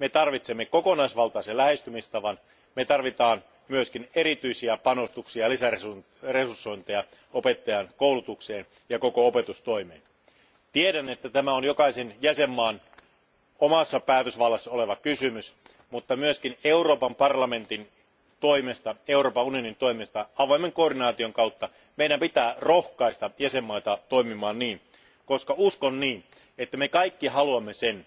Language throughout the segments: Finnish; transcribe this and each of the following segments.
me tarvitsemme kokonaisvaltaisen lähestymistavan me tarvitsemme myös erityisiä panostuksia ja lisäresursointeja opettajankoulutukseen ja koko opetustoimeen. tiedän että tämä on jokaisen jäsenvaltion omassa päätösvallassa oleva kysymys mutta myös euroopan parlamentin toimesta euroopan unionin toimesta avoimen koordinaation kautta meidän pitää rohkaista jäsenvaltioita toimimaan niin koska uskon niin, että me kaikki haluamme sen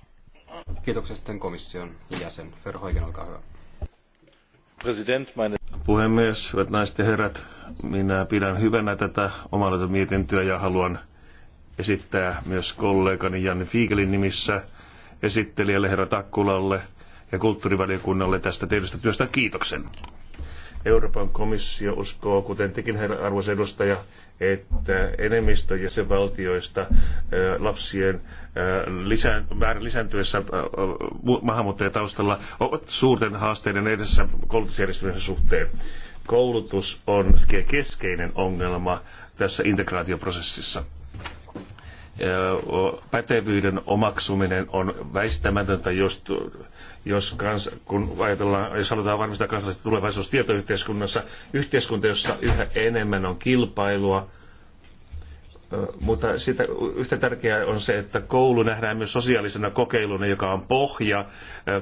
Kiitoksia sitten komission jäsen. Verhoiken, olkaa hyvä. President, meine... Puhemies, hyvät naiset ja herrat, minä pidän hyvänä tätä omalta mietintöä ja haluan esittää myös kollegani Janne Fiegelin nimissä esittelijälle herra Takkulalle ja kulttuurivaliokunnalle tästä tehdystä työstä kiitoksen. Euroopan komissio uskoo, kuten tekin herra arvoisa edustaja, että enemmistö jäsenvaltioista lapsien lisään, lisääntyessä maahanmuuttajataustalla ovat suurten haasteiden edessä koulutusjärjestelmän suhteen. Koulutus on keskeinen ongelma tässä integraatioprosessissa pätevyyden omaksuminen on väistämätöntä, jos, jos, kans, kun ajatellaan, jos halutaan varmistaa kansalaisten tulevaisuus tietoyhteiskunnassa, yhteiskunta, jossa yhä enemmän on kilpailua, mutta sitä, yhtä tärkeää on se, että koulu nähdään myös sosiaalisena kokeiluna, joka on pohja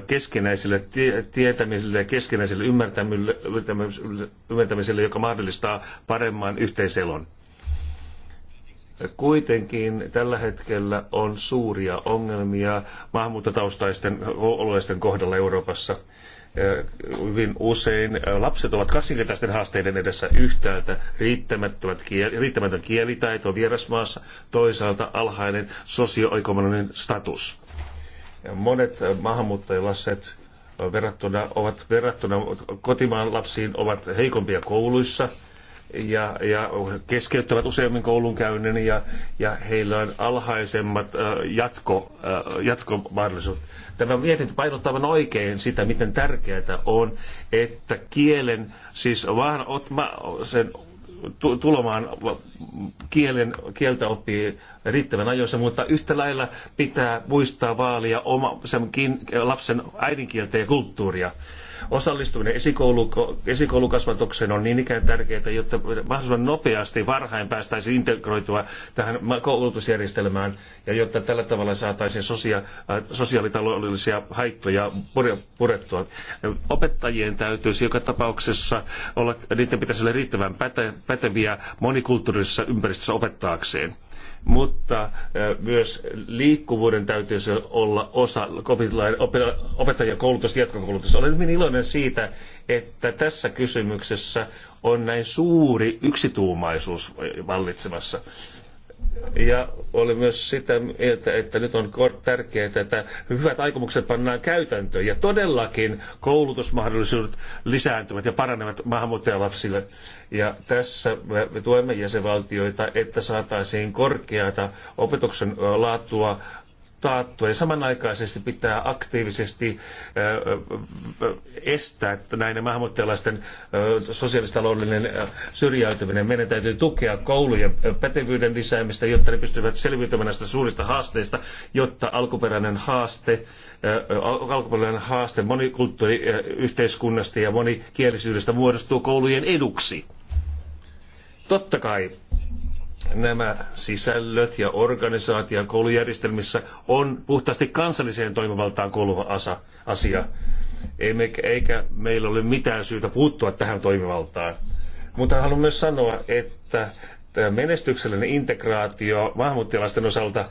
keskinäiselle tietämiselle ja keskinäiselle ymmärtämiselle, ymmärtämiselle, joka mahdollistaa paremman yhteiselon. Kuitenkin tällä hetkellä on suuria ongelmia maahanmuuttotaustaisten olueisten kohdalla Euroopassa. Hyvin usein lapset ovat kaksinkertaisten haasteiden edessä yhtäältä riittämättömät kieli, riittämätön kielitaito vierasmaassa, toisaalta alhainen sosioekonominen status. Monet maahanmuuttajalapset verrattuna, ovat verrattuna kotimaan lapsiin ovat heikompia kouluissa – ja, ja keskeyttävät useammin koulunkäynnin ja, ja heillä on alhaisemmat äh, jatko, äh, jatkomahdollisuudet. Tämä mietintö painottaa aivan oikein sitä, miten tärkeää on, että kielen, siis vaan sen tulemaan kielen, kieltä oppii riittävän ajoissa, mutta yhtä lailla pitää muistaa vaalia oma, sen lapsen äidinkieltä ja kulttuuria. Osallistuminen esikoulu, esikoulukasvatukseen on niin ikään tärkeää, jotta mahdollisimman nopeasti varhain päästäisiin integroitua tähän koulutusjärjestelmään ja jotta tällä tavalla saataisiin sosia, äh, sosiaalitaloudellisia haittoja purettua. Opettajien täytyisi joka tapauksessa olla, niiden pitäisi olla riittävän päte, päteviä monikulttuurisessa ympäristössä opettaakseen. Mutta äh, myös liikkuvuuden täytyisi olla osa opettajien koulutus ja jatkokoulutus. Olen hyvin iloinen siitä, että tässä kysymyksessä on näin suuri yksituumaisuus vallitsemassa. Ja oli myös sitä mieltä, että nyt on tärkeää, että hyvät aikomukset pannaan käytäntöön. Ja todellakin koulutusmahdollisuudet lisääntyvät ja paranevat maahanmuuttajalapsille. Ja tässä me tuemme jäsenvaltioita, että saataisiin korkeata opetuksen laatua taattua ja samanaikaisesti pitää aktiivisesti estää näiden maahanmuuttajalaisten sosiaalistaloudellinen syrjäytyminen. Meidän täytyy tukea koulujen pätevyyden lisäämistä, jotta ne pystyvät selviytymään näistä suurista haasteista, jotta alkuperäinen haaste, alkuperäinen haaste monikulttuuriyhteiskunnasta ja monikielisyydestä muodostuu koulujen eduksi. Totta kai nämä sisällöt ja organisaation koulujärjestelmissä on puhtaasti kansalliseen toimivaltaan kuuluva asa, asia. Eikä meillä ole mitään syytä puuttua tähän toimivaltaan. Mutta haluan myös sanoa, että menestyksellinen integraatio maahanmuuttajalaisten osalta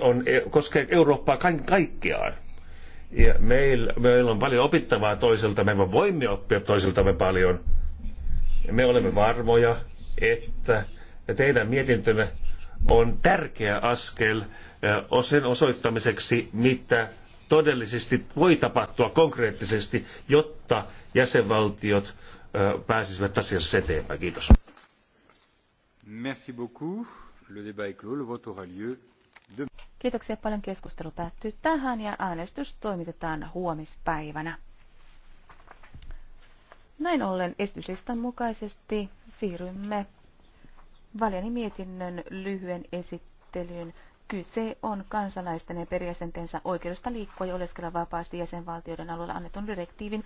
on, koskee Eurooppaa kaiken kaikkiaan. Ja meillä, meillä on paljon opittavaa toiselta, me voimme oppia toisiltamme paljon. Me olemme varmoja, että teidän mietintönne on tärkeä askel sen osoittamiseksi, mitä todellisesti voi tapahtua konkreettisesti, jotta jäsenvaltiot pääsisivät asiassa eteenpäin. Kiitos. Merci beaucoup. Le débat est clos. Le vote aura lieu demain. Kiitoksia paljon. Keskustelu päättyy tähän ja äänestys toimitetaan huomispäivänä. Näin ollen esityslistan mukaisesti siirrymme Valjani mietinnön lyhyen esittelyn. Kyse on kansalaisten ja perjäsentensä oikeudesta liikkua ja oleskella vapaasti jäsenvaltioiden alueella annetun direktiivin